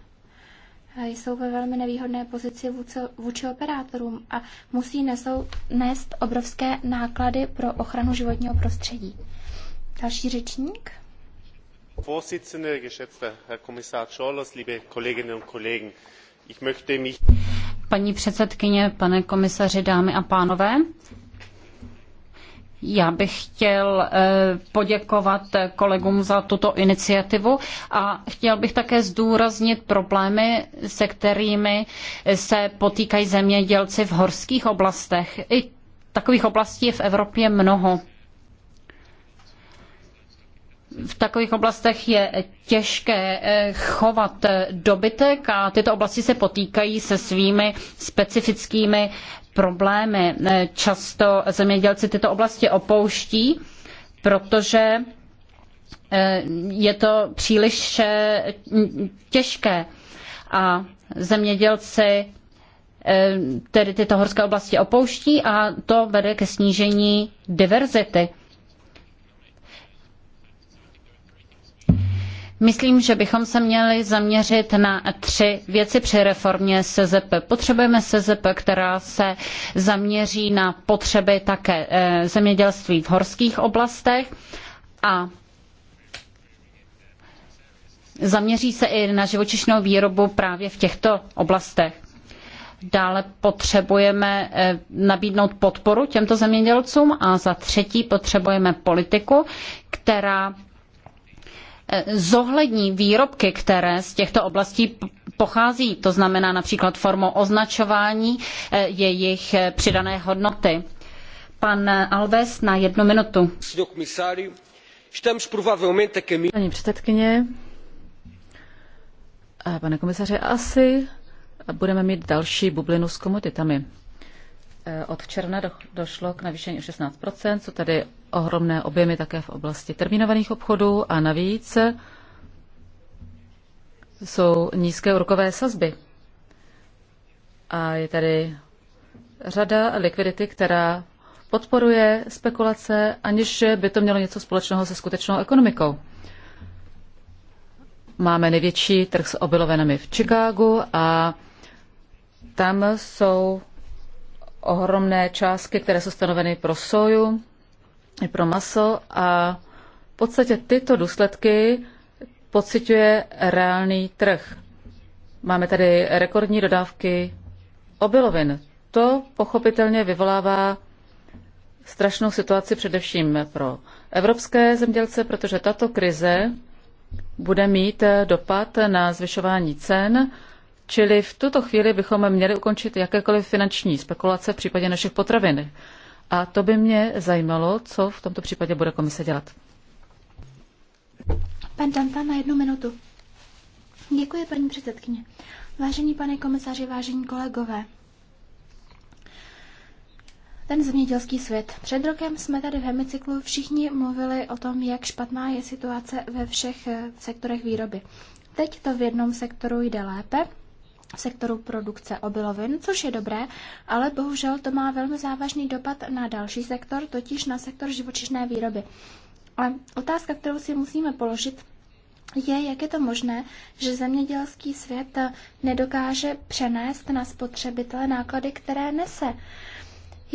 Eh, jsou ve velmi nevýhodné pozici vůči, vůči operátorům a musí nesou, nést obrovské náklady pro ochranu životního prostředí. Další řečník. Vorsitzende, geschätzter Herr Kommissar Scholz, liebe Kolleginnen und Kollegen, ich möchte mich Paní předsedkyně, pane komisaři, dámy a pánové, já bych chtěl eh, poděkovat kolegům za tuto iniciativu a chtěl bych také zdůraznit problémy, se kterými se potýkají zemědělci v horských oblastech. I takových oblastí je v Evropě mnoho v takových oblastech je těžké eh, chovat eh, dobytek a tyto oblasti se potýkají se svými specifickými problémy. Eh, často zemědělci tyto oblasti opouští, protože je to příliš těžké a zemědělci tedy tyto horské oblasti opouští a to vede ke snížení diverzity. Myslím, že bychom se měli zaměřit na tři věci při reformě SZP. Potřebujeme SZP, která se zaměří na potřeby také eh, zemědělství v horských oblastech a zaměří se i na živočišnou výrobu právě v těchto oblastech. Dále potřebujeme eh, nabídnout podporu těmto zemědělcům a za třetí potřebujeme politiku, která Eh, zohlední výrobky, které z těchto oblastí pochází, to znamená například formou označování eh, jejich eh, přidané hodnoty. Pan Alves na jednu minutu. Paní předsedkyně, pane komisaře, asi budeme mít další bublinu s komoditami. Od června došlo k navýšení o 16 jsou tady ohromné objemy také v oblasti termínovaných obchodů a navíc jsou nízké úrokové sazby. A je tady řada likvidity, která podporuje spekulace, aniž by to mělo něco společného se skutečnou ekonomikou. Máme největší trh s obilovinami v Chicagu a tam jsou ohromné částky, které jsou stanoveny pro soju i pro maso a v podstatě tyto důsledky pociťuje reálný trh. Máme tady rekordní dodávky obilovin. To pochopitelně vyvolává strašnou situaci především pro evropské zemědělce, protože tato krize bude mít dopad na zvyšování cen, čili v tuto chvíli bychom měli ukončit jakékoliv finanční spekulace v případě našich potravin. A to by mě zajímalo, co v tomto případě bude komise dělat. Pan Danta na jednu minutu. Děkuji, paní předsedkyně. Vážení pane komisaři, vážení kolegové, ten zemědělský svět. Před rokem jsme tady v hemicyklu všichni mluvili o tom, jak špatná je situace ve všech eh, sektorech výroby. Teď to v jednom sektoru jde lépe, sektoru produkce obilovin, což je dobré, ale bohužel to má velmi závažný dopad na další sektor, totiž na sektor živočišné výroby. Ale otázka, kterou si musíme položit, je, jak je to možné, že zemědělský svět nedokáže přenést na spotřebitele náklady, které nese.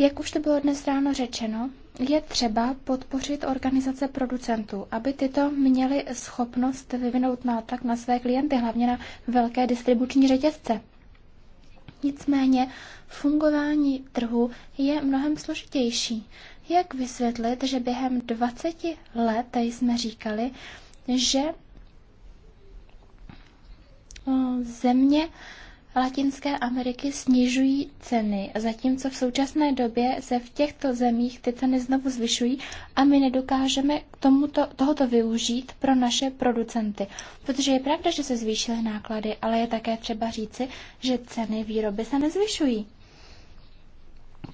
Jak už to bylo dnes ráno řečeno, je třeba podpořit organizace producentů, aby tyto měly schopnost vyvinout nátlak na své klienty, hlavně na velké distribuční řetězce. Nicméně fungování trhu je mnohem složitější. Jak vysvětlit, že během 20 let jsme říkali, že země Latinské Ameriky snižují ceny, zatímco v současné době se v těchto zemích ty ceny znovu zvyšují a my nedokážeme k tomuto, tohoto využít pro naše producenty. Protože je pravda, že se zvýšily náklady, ale je také třeba říci, že ceny výroby se nezvyšují.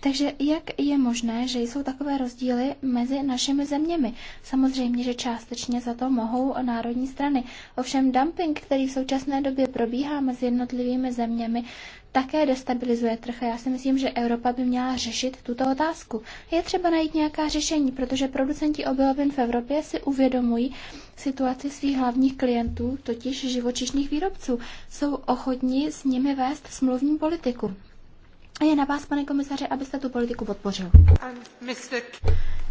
Takže jak je možné, že jsou takové rozdíly mezi našimi zeměmi? Samozřejmě, že částečně za to mohou národní strany. Ovšem dumping, který v současné době probíhá mezi jednotlivými zeměmi, také destabilizuje trh já si myslím, že Evropa by měla řešit tuto otázku. Je třeba najít nějaká řešení, protože producenti obilovin v Evropě si uvědomují situaci svých hlavních klientů, totiž živočišných výrobců. Jsou ochotní s nimi vést smluvní politiku. A je na vás, pane komisaře, abyste tu politiku podpořil.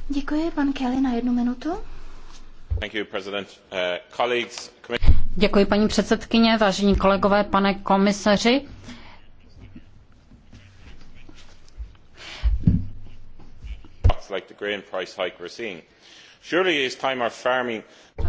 Děkuji, pan Kelly, na jednu minutu. Uh, Děkuji, paní předsedkyně, vážení kolegové, pane komisaři. Like the grain price hike we're seeing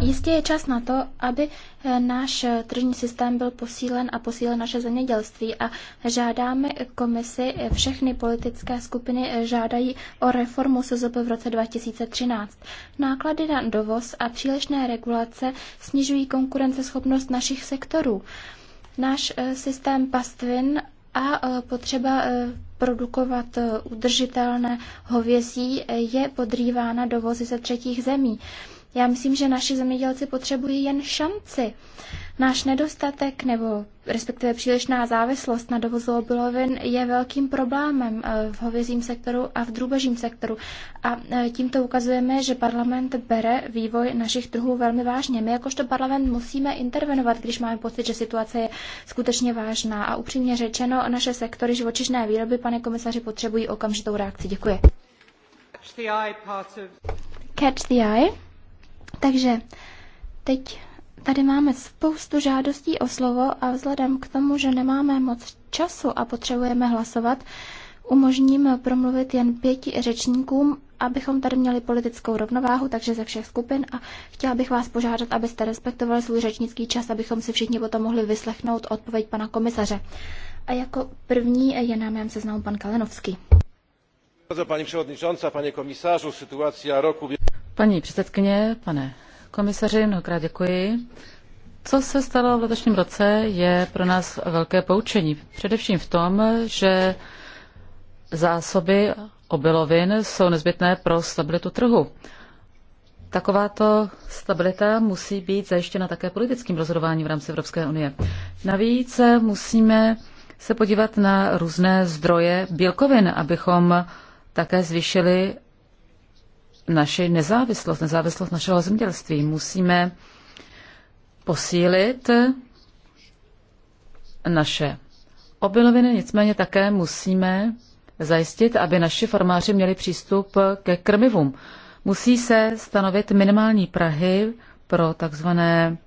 Jistě je čas na to, aby eh, náš eh, tržní systém byl posílen a posílen naše zemědělství a žádáme komisi, eh, všechny politické skupiny žádají o reformu SZP v roce 2013. Náklady na dovoz a přílišné regulace snižují konkurenceschopnost našich sektorů. Náš systém pastvin a potřeba produkovat eh, udržitelné hovězí eh, je podrývána dovozy ze třetích zemí. Já myslím, že naši zemědělci potřebují jen šanci. Náš nedostatek nebo respektive přílišná závislost na dovozu obilovin je velkým problémem eh, v hovězím sektoru a v drůbežím sektoru. A eh, tímto ukazujeme, že parlament bere vývoj našich trhů velmi vážně. My jakožto parlament musíme intervenovat, když máme pocit, že situace je skutečně vážná. A upřímně řečeno, naše sektory živočišné výroby, pane komisaři, potřebují okamžitou reakci. Děkuji. Catch the eye. Takže teď tady máme spoustu žádostí o slovo a vzhledem k tomu, že nemáme moc času a potřebujeme hlasovat, umožním promluvit jen pěti řečníkům, abychom tady měli politickou rovnováhu, takže ze všech skupin a chtěla bych vás požádat, abyste respektovali svůj řečnický čas, abychom si všichni potom mohli vyslechnout odpověď pana komisaře. A jako první je na mém seznamu pan Kalenovský. Pani przewodnicząca, panie komisarzu, sytuacja roku Paní předsedkyně, pane komisaři, mnohokrát děkuji. Co se stalo v letošním roce, je pro nás velké poučení. Především v tom, že zásoby obilovin jsou nezbytné pro stabilitu trhu. Takováto stabilita musí být zajištěna také politickým rozhodováním v rámci Evropské unie. Navíc musíme se podívat na různé zdroje bílkovin, abychom také zvýšili naši nezávislost, nezávislost našeho zemědělství. Musíme posílit naše obiloviny, nicméně také musíme zajistit, aby naši farmáři měli přístup ke krmivům. Musí se stanovit minimální prahy pro takzvané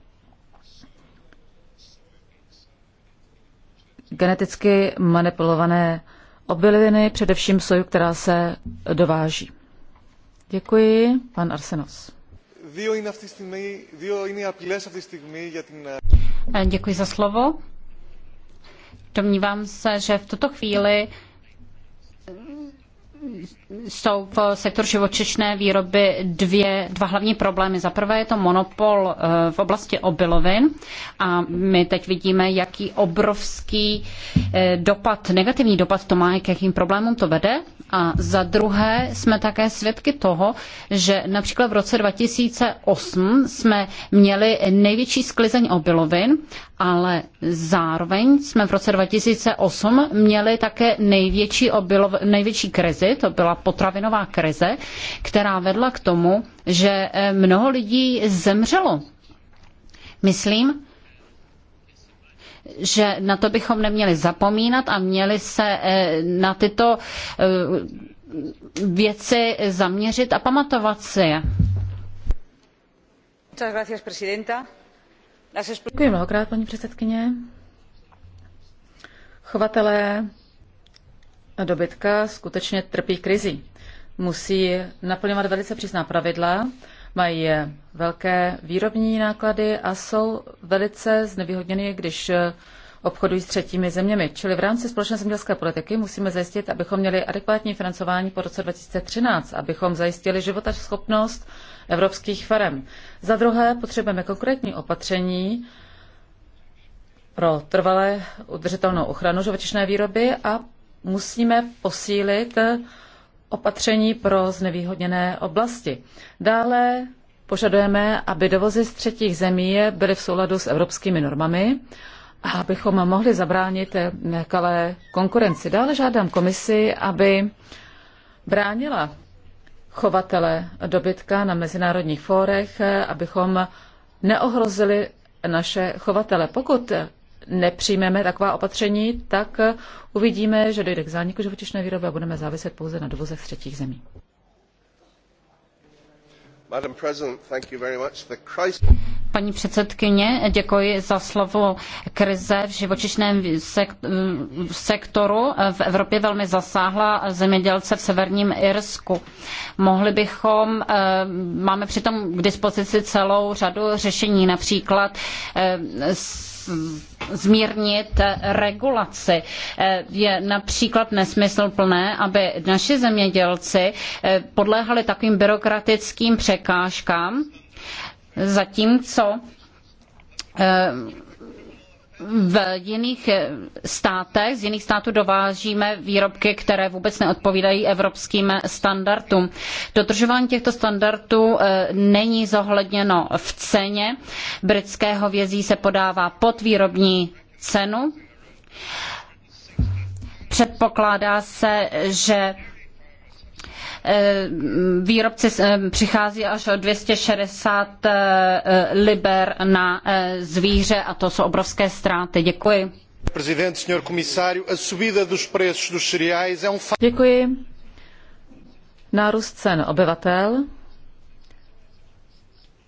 geneticky manipulované obiliny, především soju, která se dováží. Děkuji, pan Arsenos. Děkuji za slovo. Domnívám se, že v tuto chvíli jsou v sektoru živočišné výroby dvě, dva hlavní problémy. Za prvé je to monopol eh, v oblasti obilovin a my teď vidíme, jaký obrovský eh, dopad, negativní dopad to má, k jakým problémům to vede. A za druhé jsme také svědky toho, že například v roce 2008 jsme měli největší sklizeň obilovin ale zároveň jsme v roce 2008 měli také největší, obilov, největší krizi, to byla potravinová krize, která vedla k tomu, že eh, mnoho lidí zemřelo. Myslím, že na to bychom neměli zapomínat a měli se eh, na tyto eh, věci zaměřit a pamatovat si je. Muchas gracias, presidenta. Děkuji mnohokrát, paní předsedkyně. Chovatelé dobytka skutečně trpí krizí. Musí naplňovat velice přísná pravidla, mají velké výrobní náklady a jsou velice znevýhodněny, když obchodují s třetími zeměmi. Čili v rámci společné zemědělské politiky musíme zajistit, abychom měli adekvátní financování po roce 2013, abychom zajistili životaschopnost evropských farem. Za druhé potřebujeme konkrétní opatření pro trvalé udržitelnou ochranu živočišné výroby a musíme posílit opatření pro znevýhodněné oblasti. Dále požadujeme, aby dovozy z třetích zemí byly v souladu s evropskými normami a abychom mohli zabránit nekalé konkurenci. Dále žádám komisi, aby bránila chovatele dobytka na mezinárodních fórech, abychom neohrozili naše chovatele. Pokud nepřijmeme taková opatření, tak uvidíme, že dojde k zániku živočišné výroby a budeme záviset pouze na dovozech z třetích zemí. Paní předsedkyně, děkuji za slovo. Krize v živočišném sektoru v Evropě velmi zasáhla zemědělce v severním Irsku. Mohli bychom, eh, máme přitom k dispozici celou řadu řešení, například eh, zmírnit regulaci. Eh, je například nesmysluplné, aby naši zemědělci podléhali takovým byrokratickým překážkám, zatímco eh, v jiných státech, z jiných států dovážíme výrobky, které vůbec neodpovídají evropským standardům. Dodržování těchto standardů eh, není zohledněno v ceně. Britské hovězí se podává pod výrobní cenu. Předpokládá se, že Eh, výrobci eh, přichází až o 260 eh, liber na zvíře a to jsou obrovské ztráty. Děkuji. a subida um Děkuji. Nárůst cen obyvatel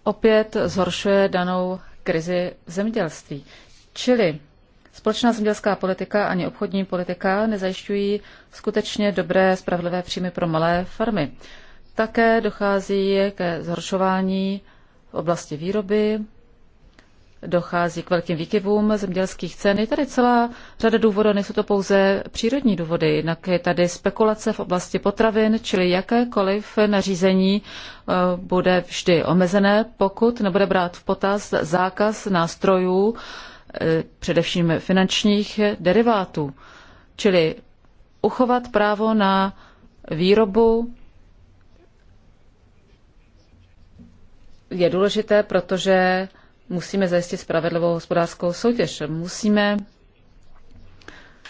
opět zhoršuje danou krizi zemědělství. Čili Společná zemědělská politika ani obchodní politika nezajišťují skutečně dobré spravedlivé příjmy pro malé farmy. Také dochází ke zhoršování v oblasti výroby, dochází k velkým výkyvům zemědělských cen. Je tady celá řada důvodů, nejsou to pouze přírodní důvody, jinak je tady spekulace v oblasti potravin, čili jakékoliv nařízení eh, bude vždy omezené, pokud nebude brát v potaz zákaz nástrojů E, především finančních derivátů, čili uchovat právo na výrobu je důležité, protože musíme zajistit spravedlivou hospodářskou soutěž. Musíme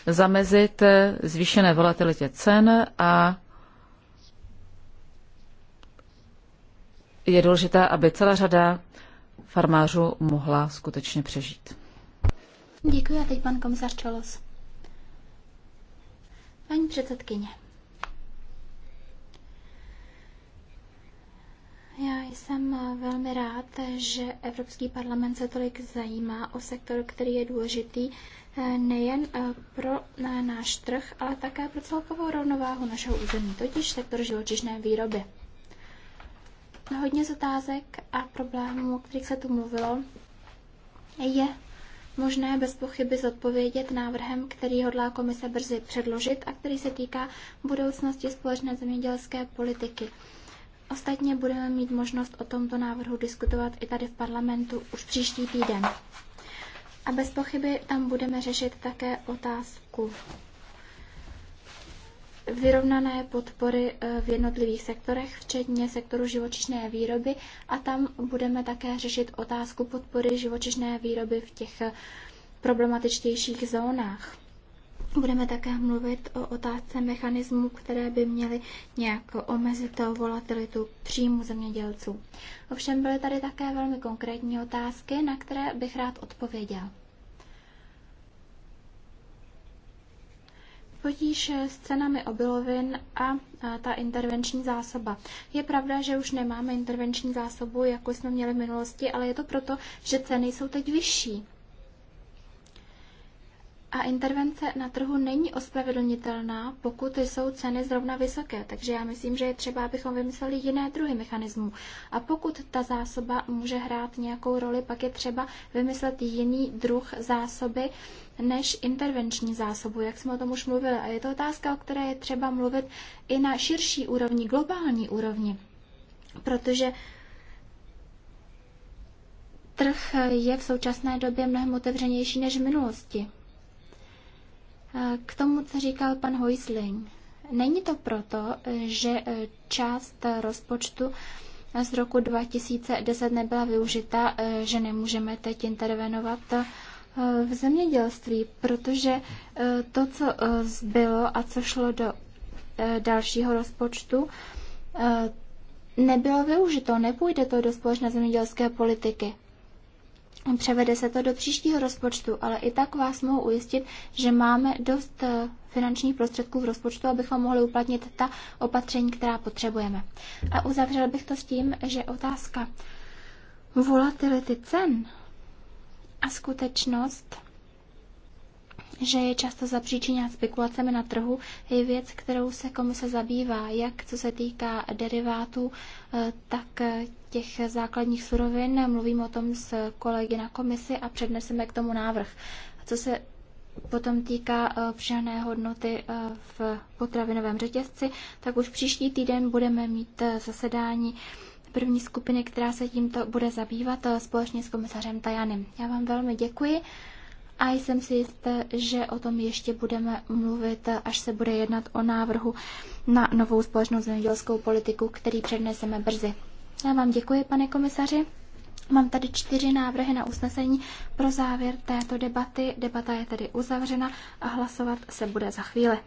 zamezit zvýšené volatilitě cen a je důležité, aby celá řada farmářů mohla skutečně přežít. Děkuji a teď pan komisař Čolos. Paní předsedkyně. Já jsem velmi rád, že Evropský parlament se tolik zajímá o sektor, který je důležitý eh, nejen eh, pro eh, náš trh, ale také pro celkovou rovnováhu našeho území, totiž sektor živočišné výroby. Hodně z otázek a problémů, o kterých se tu mluvilo, je možné bez pochyby zodpovědět návrhem, který hodlá komise brzy předložit a který se týká budoucnosti společné zemědělské politiky. Ostatně budeme mít možnost o tomto návrhu diskutovat i tady v parlamentu už příští týden. A bez pochyby tam budeme řešit také otázku vyrovnané podpory eh, v jednotlivých sektorech, včetně sektoru živočišné výroby a tam budeme také řešit otázku podpory živočišné výroby v těch eh, problematičtějších zónách. Budeme také mluvit o otázce mechanismů, které by měly nějak omezit volatilitu příjmu zemědělců. Ovšem byly tady také velmi konkrétní otázky, na které bych rád odpověděl. potíž eh, s cenami obilovin a ta intervenční zásoba. Je pravda, že už nemáme intervenční zásobu, jako jsme měli v minulosti, ale je to proto, že ceny jsou teď vyšší. A intervence na trhu není ospravedlnitelná, pokud jsou ceny zrovna vysoké. Takže já myslím, že je třeba, abychom vymysleli jiné druhy mechanismů. A pokud ta zásoba může hrát nějakou roli, pak je třeba vymyslet jiný druh zásoby než intervenční zásobu, jak jsme o tom už mluvili. A je to otázka, o které je třeba mluvit i na širší úrovni, globální úrovni. Protože trh je v současné době mnohem otevřenější než v minulosti. K tomu, co říkal pan Hoisling. Není to proto, že e, část rozpočtu z roku 2010 nebyla využita, e, že nemůžeme teď intervenovat e, v zemědělství, protože to, co zbylo a co šlo do dalšího rozpočtu, nebylo využito, nepůjde to do společné zemědělské politiky. Převede se to do příštího rozpočtu, ale i tak vás mohu ujistit, že máme dost eh, finančních prostředků v rozpočtu, abychom mohli uplatnit ta opatření, která potřebujeme. A uzavřel bych to s tím, že otázka volatility cen a skutečnost, že je často zapříčiněna spekulacemi na trhu, je věc, kterou se komise zabývá, jak co se týká derivátů, eh, tak těch základních surovin, mluvím o tom s kolegy na komisi a předneseme k tomu návrh. Co se potom týká eh, přidané hodnoty eh, v potravinovém řetězci, tak už příští týden budeme mít eh, zasedání první skupiny, která se tímto bude zabývat společně s komisařem Tajanem. Já vám velmi děkuji a jsem si jistá, že o tom ještě budeme mluvit, až se bude jednat o návrhu na novou společnou zemědělskou politiku, který předneseme brzy. Já vám děkuji, pane komisaři. Mám tady čtyři návrhy na usnesení pro závěr této debaty. Debata je tedy uzavřena a hlasovat se bude za chvíli.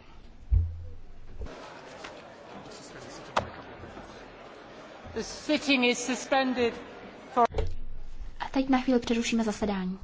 A teď na chvíli přerušíme zasedání.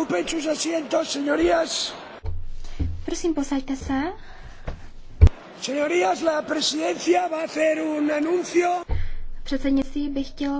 Ocupen sus asientos, señorías. Prosím, posaďte se. Señorías, la presidencia va a hacer un anuncio. Předsednictví bych chtěl.